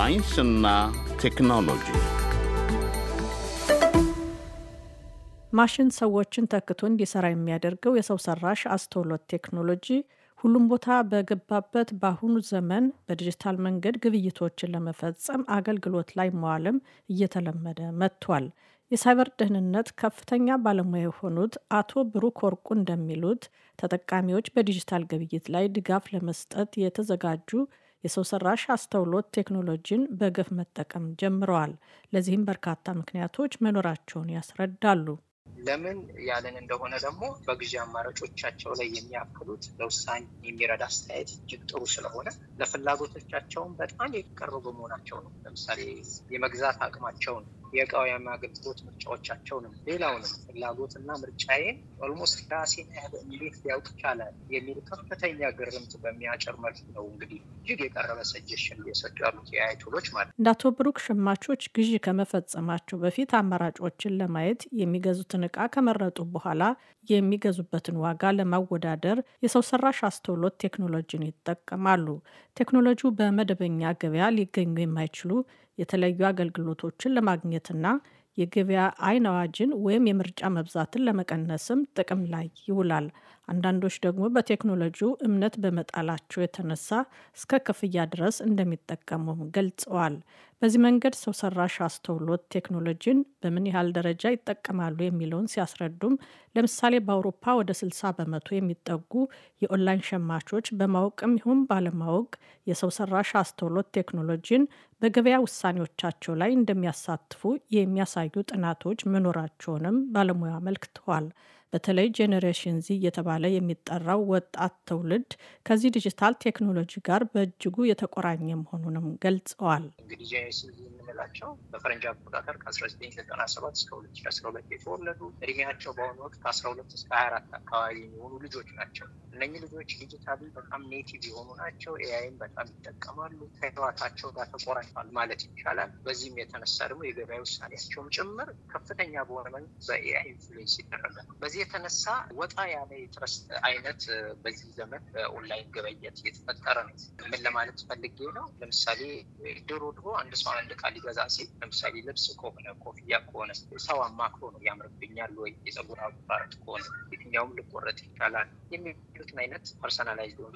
ሳይንስና ቴክኖሎጂ uh, ማሽን ሰዎችን ተክቶ እንዲሰራ የሚያደርገው የሰው ሰራሽ አስተውሎት ቴክኖሎጂ ሁሉም ቦታ በገባበት በአሁኑ ዘመን በዲጂታል መንገድ ግብይቶችን ለመፈጸም አገልግሎት ላይ መዋልም እየተለመደ መጥቷል። የሳይበር ደህንነት ከፍተኛ ባለሙያ የሆኑት አቶ ብሩክ ወርቁ እንደሚሉት ተጠቃሚዎች በዲጂታል ግብይት ላይ ድጋፍ ለመስጠት የተዘጋጁ የሰው ሰራሽ አስተውሎት ቴክኖሎጂን በገፍ መጠቀም ጀምረዋል። ለዚህም በርካታ ምክንያቶች መኖራቸውን ያስረዳሉ። ለምን ያለን እንደሆነ ደግሞ በግዢ አማራጮቻቸው ላይ የሚያክሉት ለውሳኔ የሚረዳ አስተያየት እጅግ ጥሩ ስለሆነ ለፍላጎቶቻቸውን በጣም የቀረቡ በመሆናቸው ነው። ለምሳሌ የመግዛት አቅማቸውን የቃውያን አገልግሎት ምርጫዎቻቸው ነው። ሌላው ነው ፍላጎትና ምርጫዬን ኦልሞስት ራሴን ያህል እንዴት ሊያውቅ ይቻላል የሚል ከፍተኛ ግርምት በሚያጭር መልክ ነው እንግዲህ እጅግ የቀረበ ሰጀሽን እየሰጡ ያሉት የአይ ቱሎች ማለት እንደ አቶ ብሩክ ሸማቾች ግዢ ከመፈጸማቸው በፊት አማራጮችን ለማየት የሚገዙትን እቃ ከመረጡ በኋላ የሚገዙበትን ዋጋ ለማወዳደር የሰው ሰራሽ አስተውሎት ቴክኖሎጂን ይጠቀማሉ። ቴክኖሎጂው በመደበኛ ገበያ ሊገኙ የማይችሉ የተለዩ አገልግሎቶችን ለማግኘትና የገበያ አይን አዋጅን ወይም የምርጫ መብዛትን ለመቀነስም ጥቅም ላይ ይውላል። አንዳንዶች ደግሞ በቴክኖሎጂው እምነት በመጣላቸው የተነሳ እስከ ክፍያ ድረስ እንደሚጠቀሙም ገልጸዋል። በዚህ መንገድ ሰው ሰራሽ አስተውሎት ቴክኖሎጂን በምን ያህል ደረጃ ይጠቀማሉ የሚለውን ሲያስረዱም ለምሳሌ በአውሮፓ ወደ 60 በመቶ የሚጠጉ የኦንላይን ሸማቾች በማወቅም ይሁን ባለማወቅ የሰው ሰራሽ አስተውሎት ቴክኖሎጂን በገበያ ውሳኔዎቻቸው ላይ እንደሚያሳትፉ የሚያሳዩ ጥናቶች መኖራቸውንም ባለሙያ አመልክተዋል። በተለይ ጄኔሬሽን ዚ እየተባለ የሚጠራው ወጣት ትውልድ ከዚህ ዲጂታል ቴክኖሎጂ ጋር በእጅጉ የተቆራኘ መሆኑንም ገልጸዋል። እንግዲህ ጄኔሬሽን ዚ የምንላቸው በፈረንጅ አቆጣጠር ከ1997 እስከ 2012 የተወለዱ እድሜያቸው በአሁኑ ወቅት ከ12 እስከ አራት አካባቢ የሚሆኑ ልጆች ናቸው። እነኚህ ልጆች ዲጂታሉ በጣም ኔቲቭ የሆኑ ናቸው። ኤአይን በጣም ይጠቀማሉ። ከህዋታቸው ጋር ተቆራኝቷል ማለት ይቻላል። በዚህም የተነሳ ደግሞ የገበያ ውሳኔያቸውም ጭምር ከፍተኛ በሆነ መንገድ በኤአይ ኢንፍሉዌንስ ይደረጋል። ከዚህ የተነሳ ወጣ ያለ የትረስት አይነት በዚህ ዘመን በኦንላይን ግብይት እየተፈጠረ ነው። ምን ለማለት ፈልጌ ነው? ለምሳሌ ድሮ ድሮ አንድ ሰው አንድ እቃ ሊገዛ ሲል ለምሳሌ ልብስ ከሆነ ኮፍያ ከሆነ ሰው አማክሮ ነው ያምርብኛል ወይ የጸጉር አቆራረጥ ከሆነ የትኛውም ልቆረጥ ይቻላል የሚሉትን አይነት ፐርሰናላይዝ ሆኑ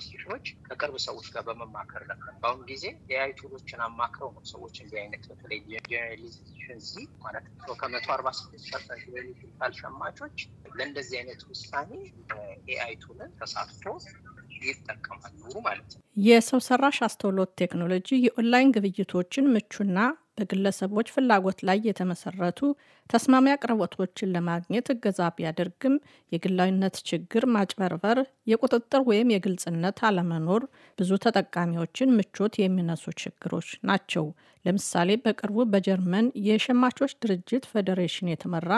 ከቅርብ ሰዎች ጋር በመማከር ነበር። በአሁኑ ጊዜ የያዩ ቱሎችን አማክረው ነው ሰዎች እንዲህ አይነት በተለይ ጀነራሊዜሽን ዚ ማለት ነው ከመቶ አርባ ስድስት ፐርሰንት የሚባል ሸማቾች ለን በእንደዚህ አይነት ውሳኔ በኤአይ ቱልን ተሳትፎ ይጠቀማሉ ማለት ነው። የሰው ሰራሽ አስተውሎት ቴክኖሎጂ የኦንላይን ግብይቶችን ምቹና በግለሰቦች ፍላጎት ላይ የተመሰረቱ ተስማሚ አቅርቦቶችን ለማግኘት እገዛ ቢያደርግም የግላዊነት ችግር፣ ማጭበርበር፣ የቁጥጥር ወይም የግልጽነት አለመኖር ብዙ ተጠቃሚዎችን ምቾት የሚነሱ ችግሮች ናቸው። ለምሳሌ በቅርቡ በጀርመን የሸማቾች ድርጅት ፌዴሬሽን የተመራ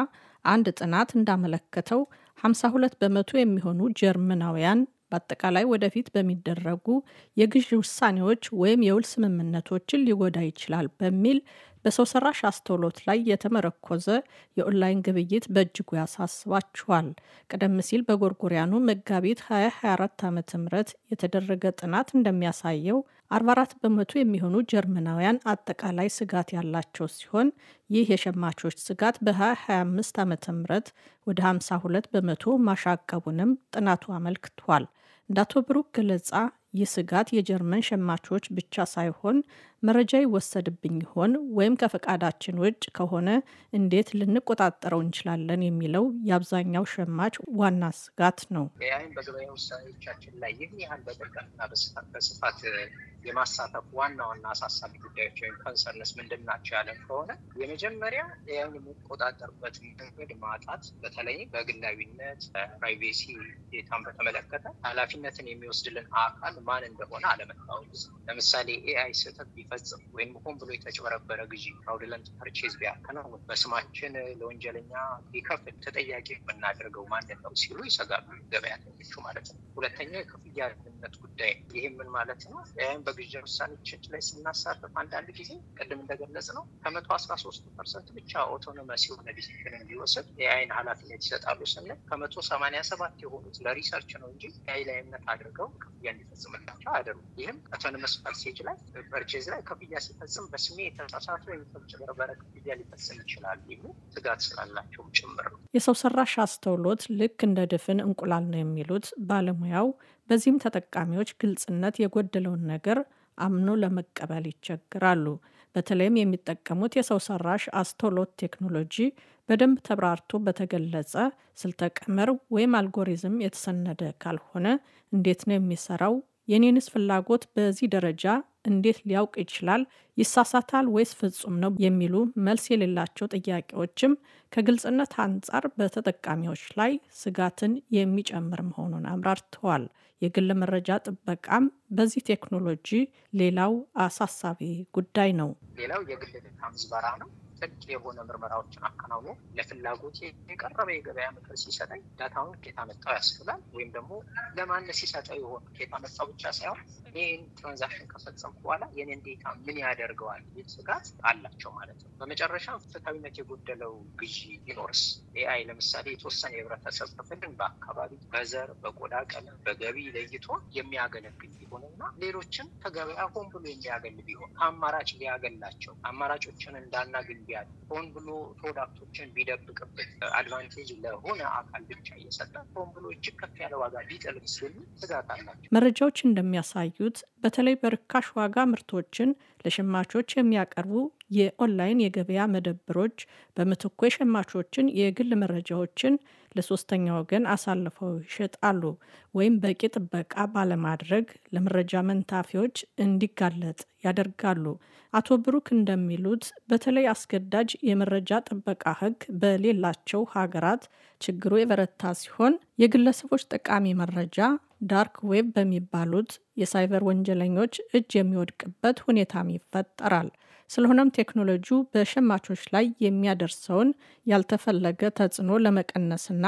አንድ ጥናት እንዳመለከተው 52 በመቶ የሚሆኑ ጀርመናውያን በአጠቃላይ ወደፊት በሚደረጉ የግዢ ውሳኔዎች ወይም የውል ስምምነቶችን ሊጎዳ ይችላል በሚል በሰው ሰራሽ አስተውሎት ላይ የተመረኮዘ የኦንላይን ግብይት በእጅጉ ያሳስባችኋል። ቀደም ሲል በጎርጎሪያኑ መጋቢት 2024 ዓ ም የተደረገ ጥናት እንደሚያሳየው 44 በመቶ የሚሆኑ ጀርመናውያን አጠቃላይ ስጋት ያላቸው ሲሆን ይህ የሸማቾች ስጋት በ2025 ዓ ም ወደ 52 በመቶ ማሻቀቡንም ጥናቱ አመልክቷል። እንደ አቶ ብሩክ ገለጻ ይህ ስጋት የጀርመን ሸማቾች ብቻ ሳይሆን መረጃ ይወሰድብኝ ይሆን ወይም ከፈቃዳችን ውጭ ከሆነ እንዴት ልንቆጣጠረው እንችላለን የሚለው የአብዛኛው ሸማች ዋና ስጋት ነው። ኤአይን በገበያ ውሳኔዎቻችን ላይ ይህን ያህል በጥልቀትና በስፋት የማሳተፍ ዋና ዋና አሳሳቢ ጉዳዮች ወይም ኮንሰርነስ ምንድን ናቸው ያለን ከሆነ የመጀመሪያ ኤአይን የምንቆጣጠርበት መንገድ ማጣት፣ በተለይ በግላዊነት ፕራይቬሲ ዴታን በተመለከተ ኃላፊነትን የሚወስድልን አካል ማን እንደሆነ አለመታወቅ። ለምሳሌ ኤአይ ስህተት የሚፈጽም ወይም ሆን ብሎ የተጭበረበረ ግዢ ፍራውድለንት ፐርቼዝ ቢያከናውን በስማችን ለወንጀለኛ ቢከፍል ተጠያቂ የምናደርገው ማንን ነው ሲሉ ይሰጋሉ ገበያተኞቹ ማለት ነው። ሁለተኛው የክፍያ ድነት ጉዳይ ይህ ምን ማለት ነው? ይህም በግዢ ውሳኔዎች ላይ ስናሳርፍ አንዳንድ ጊዜ ቅድም እንደገለጽ ነው ከመቶ አስራ ሶስት ፐርሰንት ብቻ ኦቶኖመስ የሆነ ዲሲሽን እንዲወስድ የአይን ኃላፊነት ይሰጣሉ ስንል ከመቶ ሰማኒያ ሰባት የሆኑት ለሪሰርች ነው እንጂ የአይ ላይ እምነት አድርገው ክፍያ እንዲፈጽምላቸው አደሩ። ይህም አውቶኖመስ ፐርሴጅ ላይ ፐርቼዝ ላይ ክፍያ ሲፈጽም በስሜ የተሳሳተ የሚፈጽም በረ ክፍያ ሊፈጽም ይችላል የሚሉ ስጋት ስላላቸውም ጭምር ነው። የሰው ሰራሽ አስተውሎት ልክ እንደ ድፍን እንቁላል ነው የሚሉት ባለሙያው፣ በዚህም ተጠቃሚዎች ግልጽነት የጎደለውን ነገር አምኖ ለመቀበል ይቸግራሉ። በተለይም የሚጠቀሙት የሰው ሰራሽ አስተውሎት ቴክኖሎጂ በደንብ ተብራርቶ በተገለጸ ስልተ ቀመር ወይም አልጎሪዝም የተሰነደ ካልሆነ እንዴት ነው የሚሰራው? የኔንስ ፍላጎት በዚህ ደረጃ እንዴት ሊያውቅ ይችላል? ይሳሳታል ወይስ ፍጹም ነው? የሚሉ መልስ የሌላቸው ጥያቄዎችም ከግልጽነት አንጻር በተጠቃሚዎች ላይ ስጋትን የሚጨምር መሆኑን አምራርተዋል። የግል መረጃ ጥበቃም በዚህ ቴክኖሎጂ ሌላው አሳሳቢ ጉዳይ ነው። ሌላው የግል ምዝበራ ነው። ጥልቅ የሆነ ምርመራዎችን አከናውኖ ለፍላጎት የቀረበ የገበያ ምክር ሲሰጠኝ ዳታውን ኬታ መጣው ያስብላል ወይም ደግሞ ለማን ሲሰጠው የሆነ ኬታ መጣው ብቻ ሳይሆን ይህን ትራንዛክሽን ከፈጸምኩ በኋላ የኔን ዴታ ምን ያደርገዋል የሚል ስጋት አላቸው ማለት ነው። በመጨረሻ ፍትሐዊነት የጎደለው ግዢ ቢኖርስ ኤአይ ለምሳሌ የተወሰነ የህብረተሰብ ክፍልን በአካባቢ፣ በዘር፣ በቆዳ ቀለም፣ በገቢ ለይቶ የሚያገለግል ቢሆንና ሌሎችም ከገበያ ሆን ብሎ የሚያገል ቢሆን ከአማራጭ ሊያገላቸው አማራጮችን እንዳናግል ቢያል ሆን ብሎ ፕሮዳክቶችን ቢደብቅበት አድቫንቴጅ ለሆነ አካል ብቻ እየሰጠ ሆን ብሎ እጅግ ከፍ ያለ ዋጋ ሊጥል ስሉ ስጋት አላቸው። መረጃዎች እንደሚያሳዩት በተለይ በርካሽ ዋጋ ምርቶችን ለሸማቾች የሚያቀርቡ የኦንላይን የገበያ መደብሮች በምትኩ የሸማቾችን የግል መረጃዎችን ለሶስተኛ ወገን አሳልፈው ይሸጣሉ ወይም በቂ ጥበቃ ባለማድረግ ለመረጃ መንታፊዎች እንዲጋለጥ ያደርጋሉ። አቶ ብሩክ እንደሚሉት በተለይ አስገዳጅ የመረጃ ጥበቃ ሕግ በሌላቸው ሀገራት ችግሩ የበረታ ሲሆን የግለሰቦች ጠቃሚ መረጃ ዳርክ ዌብ በሚባሉት የሳይበር ወንጀለኞች እጅ የሚወድቅበት ሁኔታም ይፈጠራል። ስለሆነም ቴክኖሎጂው በሸማቾች ላይ የሚያደርሰውን ያልተፈለገ ተጽዕኖ ለመቀነስና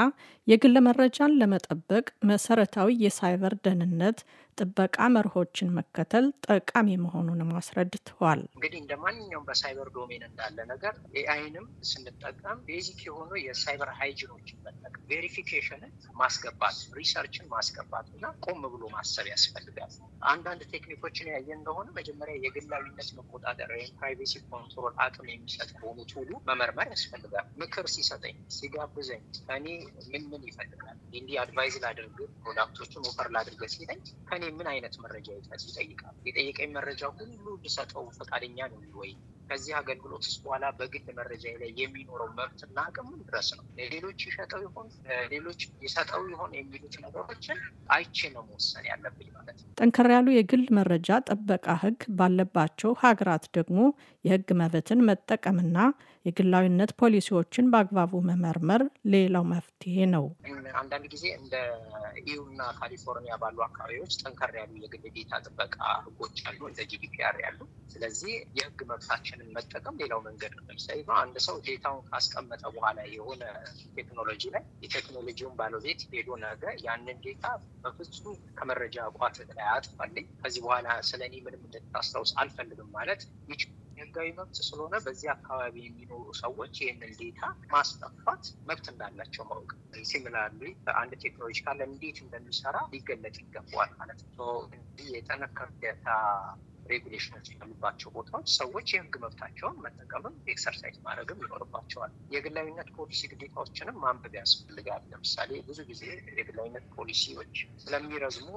የግል መረጃን ለመጠበቅ መሰረታዊ የሳይበር ደህንነት ጥበቃ መርሆችን መከተል ጠቃሚ መሆኑንም አስረድተዋል። እንግዲህ እንደ ማንኛውም በሳይበር ዶሜን እንዳለ ነገር ኤአይንም ስንጠቀም ቤዚክ የሆኑ የሳይበር ሃይጂኖችን መጠቀም፣ ቬሪፊኬሽንን ማስገባት፣ ሪሰርችን ማስገባት እና ቆም ብሎ ማሰብ ያስፈልጋል። አንዳንድ ቴክኒኮችን ያየ እንደሆነ መጀመሪያ የግላዊነት መቆጣጠር ወይም ፕራይቬሲ ኮንትሮል አቅም የሚሰጥ በሆኑት ቱሉ መመርመር ያስፈልጋል። ምክር ሲሰጠኝ፣ ሲጋብዘኝ ከኔ ምን ምን ይፈልጋል እንዲህ አድቫይዝ ላድርግ ፕሮዳክቶችን ኦፈር ላድርገ ሲለኝ ከኔ ምን አይነት መረጃ ይጠይቃል? የጠየቀኝ መረጃ ሁሉ ልሰጠው ፈቃደኛ ነው ወይ? ከዚህ አገልግሎት አገልግሎትስ በኋላ በግል መረጃ ላይ የሚኖረው መብትና አቅም ድረስ ነው? ሌሎች ይሸጠው ይሆን፣ ሌሎች ይሰጠው ይሆን የሚሉት ነገሮችን አይቼ ነው መወሰን ያለብኝ ማለት ነው። ጠንከር ያሉ የግል መረጃ ጥበቃ ሕግ ባለባቸው ሀገራት ደግሞ የሕግ መብትን መጠቀምና የግላዊነት ፖሊሲዎችን በአግባቡ መመርመር ሌላው መፍትሄ ነው። አንዳንድ ጊዜ እንደ ኢዩ እና ካሊፎርኒያ ባሉ አካባቢዎች ጠንከር ያሉ የግል ዴታ ጥበቃ ህጎች አሉ፣ እንደ ጂዲፒአር ያሉ። ስለዚህ የህግ መብታችንን መጠቀም ሌላው መንገድ ነው። ለምሳሌ አንድ ሰው ዴታውን ካስቀመጠ በኋላ የሆነ ቴክኖሎጂ ላይ የቴክኖሎጂውን ባለቤት ሄዶ ነገ ያንን ዴታ በፍጹም ከመረጃ ቋት ላይ አጥፋልኝ፣ ከዚህ በኋላ ስለኔ ምንም እንድታስታውስ አልፈልግም ማለት ህጋዊ መብት ስለሆነ በዚህ አካባቢ የሚኖሩ ሰዎች ይህንን ዴታ ማስጠፋት መብት እንዳላቸው ማወቅ ሲሚላርሊ አንድ ቴክኖሎጂ ካለ እንዴት እንደሚሰራ ሊገለጥ ይገባዋል ማለት ነው። እንዲህ የጠነከረ ዳታ ሬጉሌሽኖች ያሉባቸው ቦታዎች ሰዎች የህግ መብታቸውን መጠቀምም ኤክሰርሳይዝ ማድረግም ይኖርባቸዋል። የግላዊነት ፖሊሲ ግዴታዎችንም ማንበብ ያስፈልጋል። ለምሳሌ ብዙ ጊዜ የግላዊነት ፖሊሲዎች ስለሚረዝሙ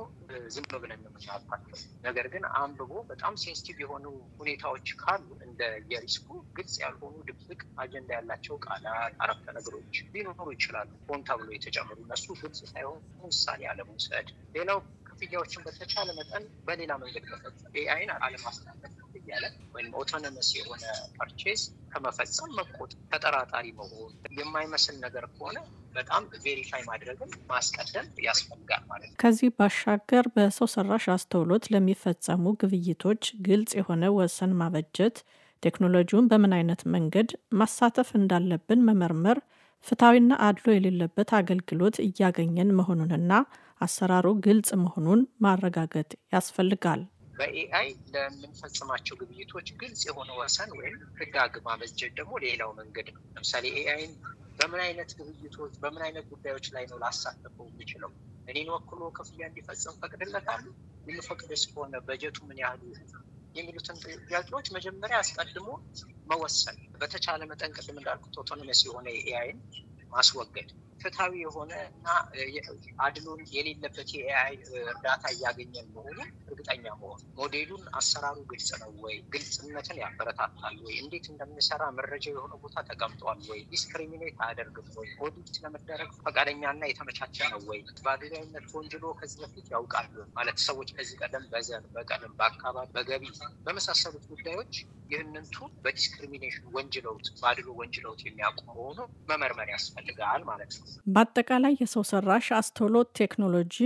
ዝም ብለን የምናልፋቸው፣ ነገር ግን አንብቦ በጣም ሴንሲቲቭ የሆኑ ሁኔታዎች ካሉ እንደ የሪስኩ ግልጽ ያልሆኑ ድብቅ አጀንዳ ያላቸው ቃላት፣ አረፍተ ነገሮች ሊኖሩ ይችላሉ። ሆን ተብሎ የተጨመሩ እነሱ ግልጽ ሳይሆን ውሳኔ አለመውሰድ ሌላው ክፍያዎችን በተቻለ መጠን በሌላ መንገድ መፈጸም ኤአይን አለማስተናገድ እያለ ወይም ኦቶኖመስ የሆነ ፐርቼዝ ከመፈጸም መቆጥ ተጠራጣሪ መሆን የማይመስል ነገር ከሆነ በጣም ቬሪፋይ ማድረግን ማስቀደም ያስፈልጋል ማለት ነው። ከዚህ ባሻገር በሰው ሰራሽ አስተውሎት ለሚፈጸሙ ግብይቶች ግልጽ የሆነ ወሰን ማበጀት፣ ቴክኖሎጂውን በምን አይነት መንገድ ማሳተፍ እንዳለብን መመርመር ፍትሐዊና አድሎ የሌለበት አገልግሎት እያገኘን መሆኑንና አሰራሩ ግልጽ መሆኑን ማረጋገጥ ያስፈልጋል። በኤአይ ለምንፈጽማቸው ግብይቶች ግልጽ የሆነ ወሰን ወይም ህግ ማበጀት ደግሞ ሌላው መንገድ ነው። ለምሳሌ ኤአይን በምን አይነት ግብይቶች በምን አይነት ጉዳዮች ላይ ነው ላሳተፈው የሚችለው? እኔን ወክሎ ክፍያ እንዲፈጽም ፈቅድለታል? የሚፈቅድስ ከሆነ በጀቱ ምን ያህሉ የሚሉትን ጥያቄዎች መጀመሪያ አስቀድሞ መወሰን በተቻለ መጠን ቅድም እንዳልኩት ኦቶኖመስ የሆነ የኤአይን ማስወገድ ፍትሐዊ የሆነ እና አድሎን የሌለበት የኤአይ እርዳታ እያገኘን መሆኑ እርግጠኛ መሆን፣ ሞዴሉን አሰራሩ ግልጽ ነው ወይ፣ ግልጽነትን ያበረታታል ወይ፣ እንዴት እንደምንሰራ መረጃ የሆነ ቦታ ተቀምጧል ወይ፣ ዲስክሪሚኔት አያደርግም ወይ፣ ኦዲት ለመደረግ ፈቃደኛና የተመቻቸ ነው ወይ፣ በአድላዊነት ወንጀሎ ከዚህ በፊት ያውቃሉ ማለት ሰዎች ከዚህ ቀደም በዘር፣ በቀለም፣ በአካባቢ፣ በገቢ በመሳሰሉት ጉዳዮች ይህንን ቱን በዲስክሪሚኔሽን ወንጅለውት በአድሎ ወንጅለውት የሚያውቁ መሆኑ መመርመር ያስፈልጋል ማለት ነው። በአጠቃላይ የሰው ሰራሽ አስተውሎት ቴክኖሎጂ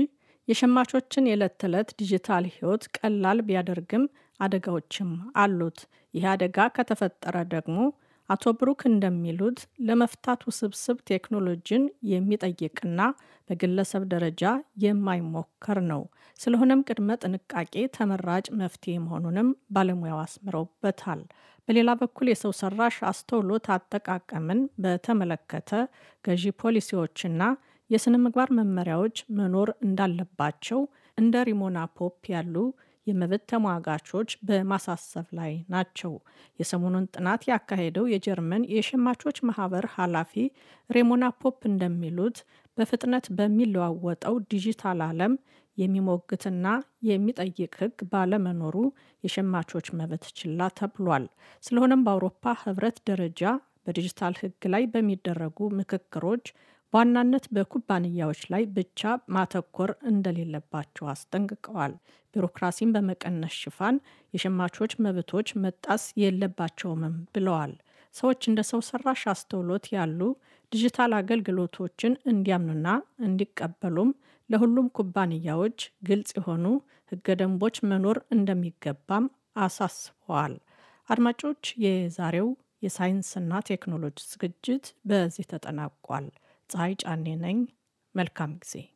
የሸማቾችን የዕለት ተዕለት ዲጂታል ህይወት ቀላል ቢያደርግም አደጋዎችም አሉት። ይህ አደጋ ከተፈጠረ ደግሞ አቶ ብሩክ እንደሚሉት ለመፍታት ውስብስብ ቴክኖሎጂን የሚጠይቅና በግለሰብ ደረጃ የማይሞከር ነው። ስለሆነም ቅድመ ጥንቃቄ ተመራጭ መፍትሄ መሆኑንም ባለሙያው አስምረውበታል። በሌላ በኩል የሰው ሰራሽ አስተውሎት አጠቃቀምን በተመለከተ ገዢ ፖሊሲዎችና የስነ ምግባር መመሪያዎች መኖር እንዳለባቸው እንደ ሪሞና ፖፕ ያሉ የመብት ተሟጋቾች በማሳሰብ ላይ ናቸው። የሰሞኑን ጥናት ያካሄደው የጀርመን የሸማቾች ማህበር ኃላፊ ሬሞና ፖፕ እንደሚሉት በፍጥነት በሚለዋወጠው ዲጂታል ዓለም የሚሞግትና የሚጠይቅ ሕግ ባለመኖሩ የሸማቾች መብት ችላ ተብሏል። ስለሆነም በአውሮፓ ሕብረት ደረጃ በዲጂታል ሕግ ላይ በሚደረጉ ምክክሮች በዋናነት በኩባንያዎች ላይ ብቻ ማተኮር እንደሌለባቸው አስጠንቅቀዋል። ቢሮክራሲን በመቀነስ ሽፋን የሸማቾች መብቶች መጣስ የለባቸውምም ብለዋል። ሰዎች እንደ ሰው ሰራሽ አስተውሎት ያሉ ዲጂታል አገልግሎቶችን እንዲያምኑና እንዲቀበሉም ለሁሉም ኩባንያዎች ግልጽ የሆኑ ህገ ደንቦች መኖር እንደሚገባም አሳስበዋል። አድማጮች፣ የዛሬው የሳይንስና ቴክኖሎጂ ዝግጅት በዚህ ተጠናቋል። ፀሐይ ጫኔ ነኝ። መልካም ጊዜ